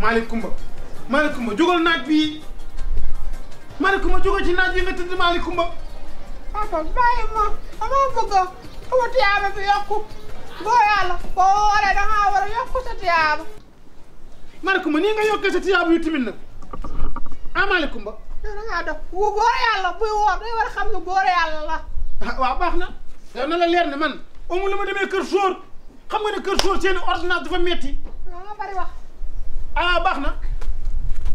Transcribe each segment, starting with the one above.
Malick Coumba Malick Coumba jógal naaj bii Malick Coumba jógal ci naaj bi nga tëdd Malick Coumba papa bàyyi ma amaa bëgg a sama tiyaaba bi yokku boo yàlla boo waree da ngaa war a yokku sa tiyaaba Malick Coumba nii nga yokkee sa tiyaaba yu tamit nag ah Malick Coumba yow da ngaa def wu boor yàlla buy woor day war a xam ne boor yàlla la waaw baax na yow na la leer ne man amul lu ma demee kër sóor xam nga ne kër sóor seeni ordonnance dafa metti pare ah baax na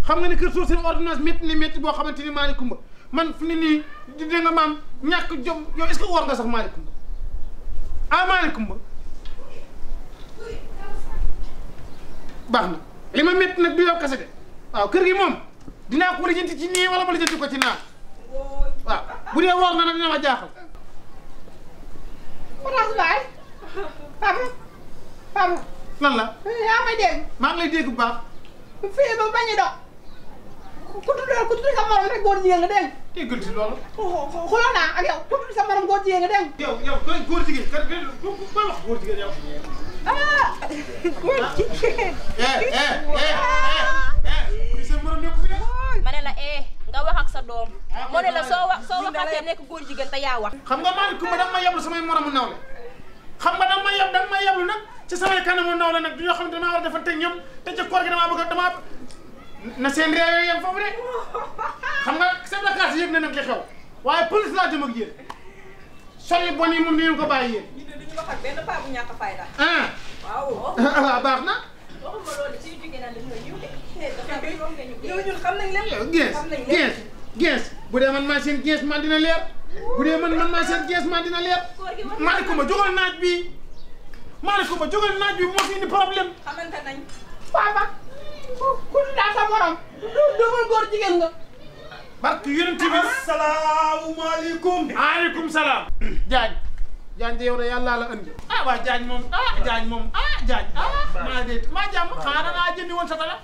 xam nga ni kër suuf seen ordonnance métti ni métti boo xamante ni maali man fu ni nii di nga maam ñàkk jom yow est-ce que nga sax maali kumba ah maali kumba baax na li ma metti nag du yow kese de waaw kër gi moom dinaa ko lijjanti ci nii wala ma lijjanti ko ci naa waaw bu dee woor na nag dina ma jaaxal. Orange lan la. Eh, yaa ma dégg. maa ngi lay dégg bu baax. fii ba bañ a dox. ku tudd ku tudd sa morom rek góor jigéen nga dégg. déggal ci loolu. xooloo naa ak yow sa morom góor jigéen nga dégg. yow yow góor jigéen kan kan kan wax góor jigéen ma ne la eh nga wax ak sa doom. Ah, moo ne la soo wax soo waxatee nekk góor jigéen te yaa wax. xam nga maa ne ku ma dama ma yabal samay moromu nawle. xam nga danga belum yab danga ma yablu nag ci samay kanamu ndaw la nag du ñoo xam ne damaa war a defante ñoom te ci koor gi damaa bëgg damaa na seen réew yooyu yem de xam nga chef de classe yëg na li xew police ak sori ko duñu wax ak benn bu fayda. ah waaw ah, baax na. waxuma loolu ci jóge na dañu ñëw de. ñëw yes. xam nañ leen. xam nañ leen gees bu dee man seen dina leer bu man man seen dina leer. Malicoumba jógal naaj bi Malicoumba jógal naaj bi moo fi indi problème. xamante nañ. waaw waaw ku daa sa morom. doo góor jigéen nga. barke yonent bi. asalaamaaleykum. Ah. maaleykum salaam. Diagne. Diagne de yow de yàlla la andi. Ah, moom ah Diagne ah. moom ah Diagne ah. maa de maa jàmm sa tala.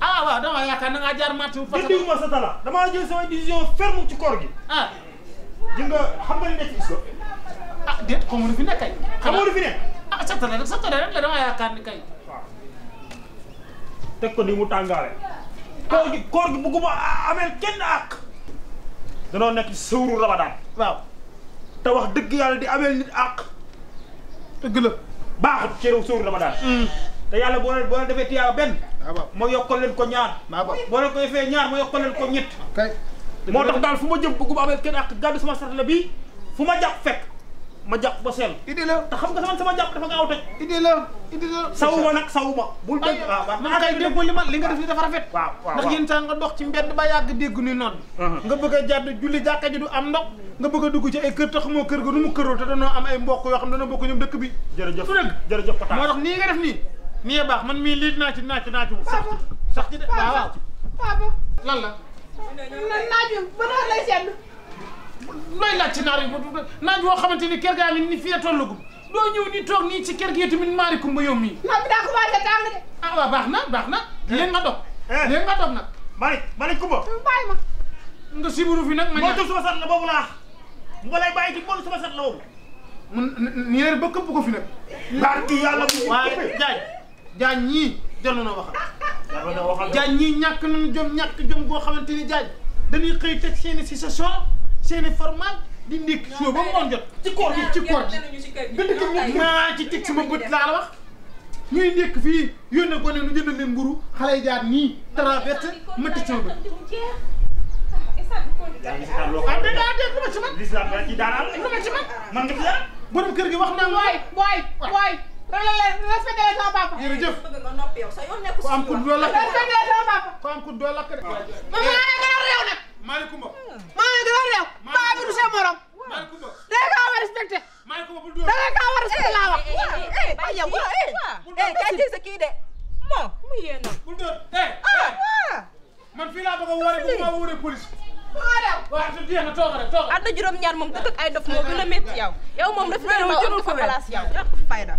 ah waaw dama yaakaar na ngaa jaar matu. fa sa tala jëndiwuma sa tala damaa jël sama décision ferme gi. ah. di nga xam nga li nekk ISRA. ah déet xamu nu fi ne kay. xamu nu fi ne. ah sa tala rek sa tala rek la dama yaakaar ni kay. waaw ko ni mu tàngaale. Ah. koor gi koor gi bëgguma ameel kenn àq. danoo nekk ci sëwru Ramadan. waaw te wax dëgg yàlla di ameel nit dëgg la baaxut ci réew sëwru Ramadan. Mm. te yàlla boo leen boo leen defee tiyaaba benn. Ah, waaw ma yokkal leen ko ñaar. Ah, waaw boo leen ko defee ñaar ma yokkal leen ko ñett. motax dal fuma jëm bu jëm amé amee kenn ak gàddu sama sartale bi fuma japp fek ma japp ba sel idi la ta xam nga sama sama jàpp dafa nga aw toj idée la idi la sawuma nak sawuma bu dégg waaw man kay dégg li ma li nga def ni dafa rafet ndax yeen sa nga dox ci mbedd ba yag dégg ni non nga bëgg jadd julli jàkka ji du am ndox nga bëgg dugg ci ay kër tax mo kër ga nu mu këroo te danoo am ay mbokk yo xam dañu bokk ñum dëkk bi jërëjëf su dëgg jërëjëf pata moo tax nii nga def ni nii baax man mi lit na ci na ci na ci sax ci de waaw waaw lan la man naaj wi ba doon lay sedd. looy laaj ci naar yi naaj woo xamante ni kër gaa ngi ni fii tollagum doo ñëw ni toog nii ci kër gi tamit maari kumba yow mii. naaj bi daa commencé tàng ah, baax na baax na. Eh. léegi nga dog eh. léegi nga dog nag. Mm, nga siburu fi nag ma. ñaar boobu laa. nga lay bàyyi ci motul sama sat la boobu. mun nii rek ba këpp ko fi nag. barki yàlla bu. waaye Diagne Diagne ñii dellu na waxal. jaaj ñii ñàkk nañu jom ñàkk jom goo xamante ni jaaj dañuy xëy teg seen i sa seen i formal di ndékki suba ba mu jot. ci koor gi ci koor gi gën a gën maa ci teg sama bët laa la wax. ñuy ndékk fii yónnee gone nu jënd leen mburu xale yi jaar nii traversé ma teg sama bët. ah dégg nga dégg lu ma ci man. lu ma kër gi wax naa waay waay dama la respecté la sama papa. jërëjëf nga noppi yow sa yoon nekk ku am ku doo lakk respecté la sama papa. ku am ku doo lakk de. waaw man maa ngi gën a réew nag. Malicoumba. maa ngi gën a réew. paa bi du sa morom. Malicoumba. da nga kaa war a respecté. Malicoumba bul dóor da nga kaa war a respecté laa wax. Eh, eh, eh, ay yow waaw eh. eh kay ci sa kii de. bon mu yee nag. bul dóor eh. Ah, man fii laa bëgg a wooree bu ma wooree police. waaw te jeex na toogal rek toogal. ànd juróom-ñaar moom dëkk ak ay dof moo gën a métti yow. yow moom daf ñëw ma jëlul fa place yow. fayda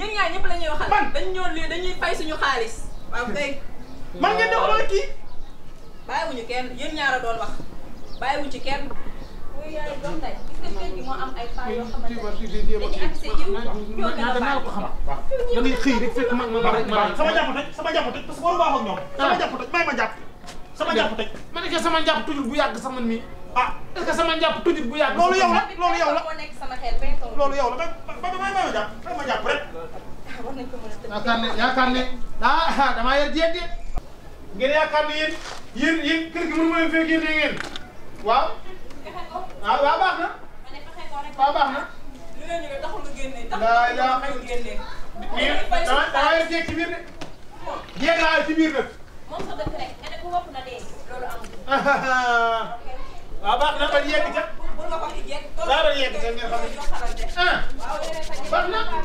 yéen ñaar ñëpp la ñuy waxal. man dañu ñoo lii dañuy fay suñu xaalis. waaw kay. man ngeen di xoolal kii. bàyyiwuñu kenn yéen ñaar a doon wax bàyyiwuñu ci kenn. muy yaay doom ndey gis nga kër gi moo am ay paa yoo xamante ne dañuy accès yiw ñoo gën a baax. waaw da ngay xëy rek fekk ma ma ma. sama jàpp toj sama jàpp toj parce que waru ma wax ak ñoom. Ah. sama jàpp toj may ma jàpp. sama jàpp toj. ma ne sama jàpp tujul bu yàgg sax man mii. ah est-ce que sama njàpp tujul bu yàgg. loolu yow la loolu yow la loolu yow la ba ba ba ma jàpp ma jàpp rek war nañ ko mën a tënk. yaakaar ne yaakaar ne ah damaa yor jéeg de. ngeen yaakaar ne yéen yéen yéen kër gi mënu ma leen fekk yéen ngeen waaw. ah waaw baax na. waaw baax na. lu leen ñu taxul nga génne. taxul nga génne. mais dama dama yor jéeg ci biir de. jéeg laa ci biir de. moom sa dëkk rek nga ne ku wopp na dee loolu amul. waaw baax na ba yegg ca. bu nga ko yegg. laa doon yegg ca ngeen xam ne. waaw baax na.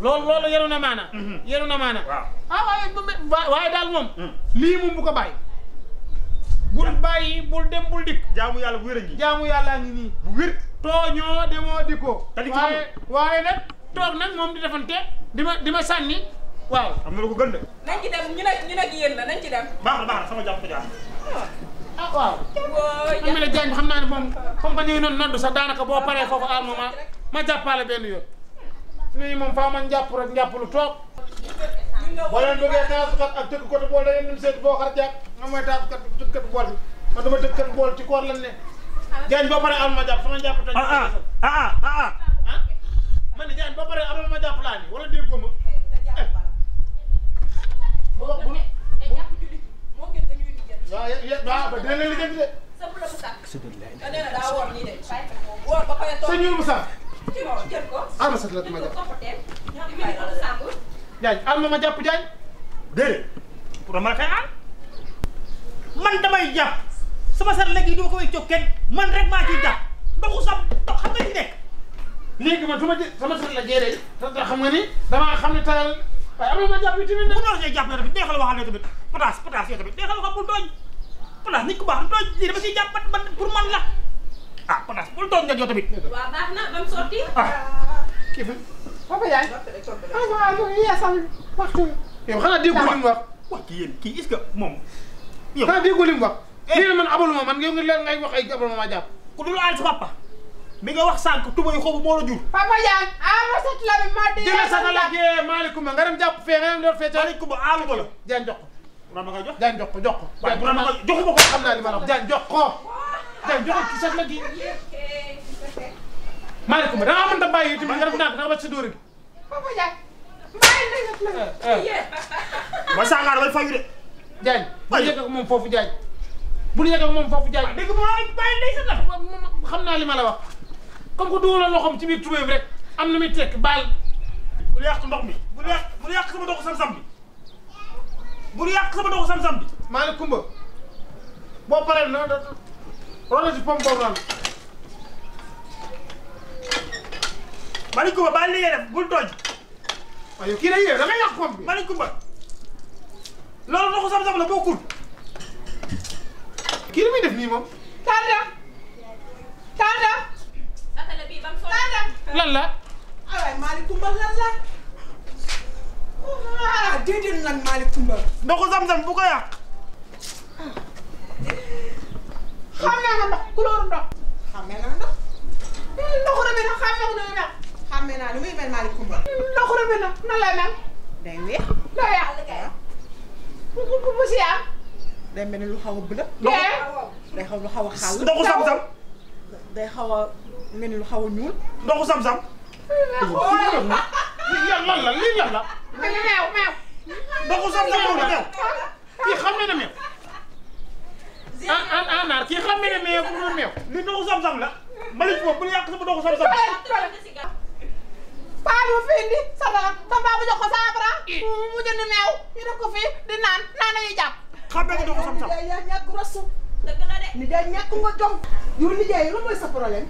loolu loolu yaru na maana mhm. yaru na maana ah waaye waaye daal moom mhm. lii moom bu ko bàyyi bul bàyyi dem bul dikk jaamu yàlla bu wér a ngi jaamu yàlla ngi nii bu wér waaye waaye nag toog nag moom di defante di ma di ma sànni waaw am na lu ko gën de nañ ci dem ñu ne ñu ne yéen la nañ ci dem baax na baax na sama jàpp ko jàpp ah, ah waaw am moom comme que ñu ngi noonu noddu sax daanaka boo paree foofu al moom ma jàppale benn yoon lii moom faa man njàpp rek njàpp lu toog boo leen bëggee taasukat ak tëggkat bool da ngeen di seet boo xar jàpp moom mooy taasukat tëggkat bool bi man dama tëggkat bool ci koor lañ ne jaañ ba pare am ma jàpp sama jàpp tañ ah ah ah, ah ah ah man jaañ ba pare am ma jàpp laa ni wala déggoo ma ba wax bu waaw yé waaw ba dina leen liggéey de sëñ Nour Moussa ama sax la ma jàpp jaaj ama ma jàpp jaaj déedéet pour ma kay aan man damay jàpp sama sar lagi duma ko way cokket man rek maa ciy jàpp doxu sam dox xam nga ci nekk léegi man su ma sama sar la jéeree te xam nga ni damaa xam ne tayal waaye am na ma jàpp yi tamit bu noor see jàpp yow tamit neexal waxal yow tamit potaas potaas yow tamit neexal waxal bul tooñ potaas nit ku baax du tooñ man pour Ah, panas pul doon nga jot tamit. Wa baax na Ah. Kifa. apa yaay. Ah wa iya yeesal waxtu. Yow xana déggu lim wax. Wa kian yeen gak est ce que mom. Yow xana déggu lim wax. Ni man abaluma man ngay leer ngay wax ay abaluma ma japp. Ku dul al papa. Mi nga wax sank tubay xobu mo la jur. Papa yaay. Ah ma sat la bi ma di. Jël sa ya? la ge malikum nga dem japp fe nga dem dor fe ta. Malikum alu bala. Jaan joko? ko. Rama nga jox. Jaan jox ko jox ko. Waaye bu rama joxuma ko xam naa li tey joxul ki sax la gi maaleykum da ngaa mënta bàyyi tamit nga def naa nga wàcc sa dóor bi. foofu jaay ma sangaar bay de. jaaj bu ñu yegg ak moom foofu jaaj bu ñu yegg ak moom foofu jaaj. Ah, dégg nga bàyyi ndey naa li ma la wax ko que dugaloo loxoom ci biir tubéy bi rek am na muy tekk baal. bul yàq ndox mi bul yàq bul yàq sama ndoxu sam-sam bi bul sama bi. maaleykum ba boo paree noonu rola ci pom boobu noonu Malick Coumba li ngay bul toj waaye kii day yeew da ngay yàq pom bi Malick la bokkul kii li muy def nii moom tanda tanda tanda lan la awaay ah, Malick Coumba lan la ah déedéet nag Malick Coumba ndoxu sam-sam bu xàmmee na ndox couleur ndox xàmmee na ndox ndox rëbbi na xàmmee na ndox xàmmee naa lu muy mel Malick Coumba ndox rëbbi na na lay mel day weex day yàlla kay bu bu si am day mel ni lu xaw a bëla day xaw lu xaw a xàll ndoxu sam-sam day xaw a mel ni lu xaw a ñuul ndoxu sam-sam lii lan lan la lii lan la meew meew ndoxu sam-sam moom la kii xam ne na meew en en naar kii xam nga a meew bu dul meew. li ndoxu sam-sam la. mbalit boobu bu ñu yàq sama ndoxu sam-sam. paa bi fi indi sa dara bu ko cent franc eh. mu jënd meew ñu def ko fii di naan naan la ñuy jàpp. xam nga ndoxu sam-sam ni ñàkk rasu. dëgg ñàkk nga jom. yow nijaay lan mooy sa problème.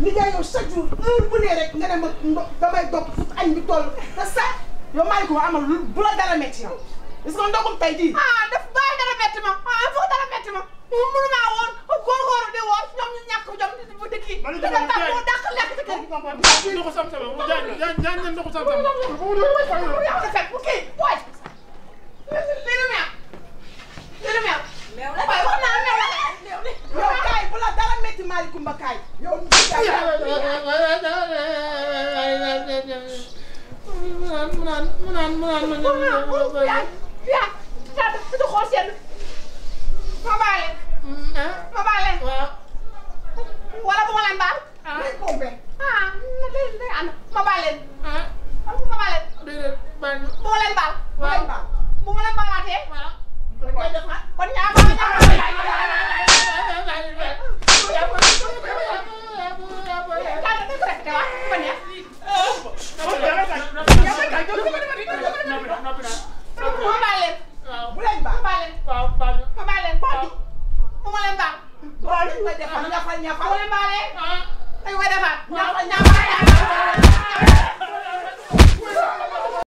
nijaay yow chaque jour bu nee rek nga ne damay dog fu añ bi toll te sax yow maa ngi amal bu la dara métti yow. est-ce ndogum tey jii. Ah, metti ma ah il faut que dara metti ma mu mënu maa woon góor-góor di woor ñoom ñu ñàkk jom di bu dëkk yi. ma ne dama tàmm mu dàq lekk ci kër gi. ndoxu sam sam mu jaay jaay jaay ngeen ndoxu sam sam. mu yàq sa bu kii waay. li lu meew li lu meew. meew la waaye wax naa meew la. yow kaay bu la dara metti Maali Kumba kaay. yow mu naan mu naan mu naan ma baale. Mm-hmm. Ah. ma baale. wala bu ma leen baal. day ah. pompe. ah day day ànd ma baal leen. Ah. ma baal leen. déedéet baal bu ma leen baal. bu ma leen baal bu ma leen baalaatee. kon ñaar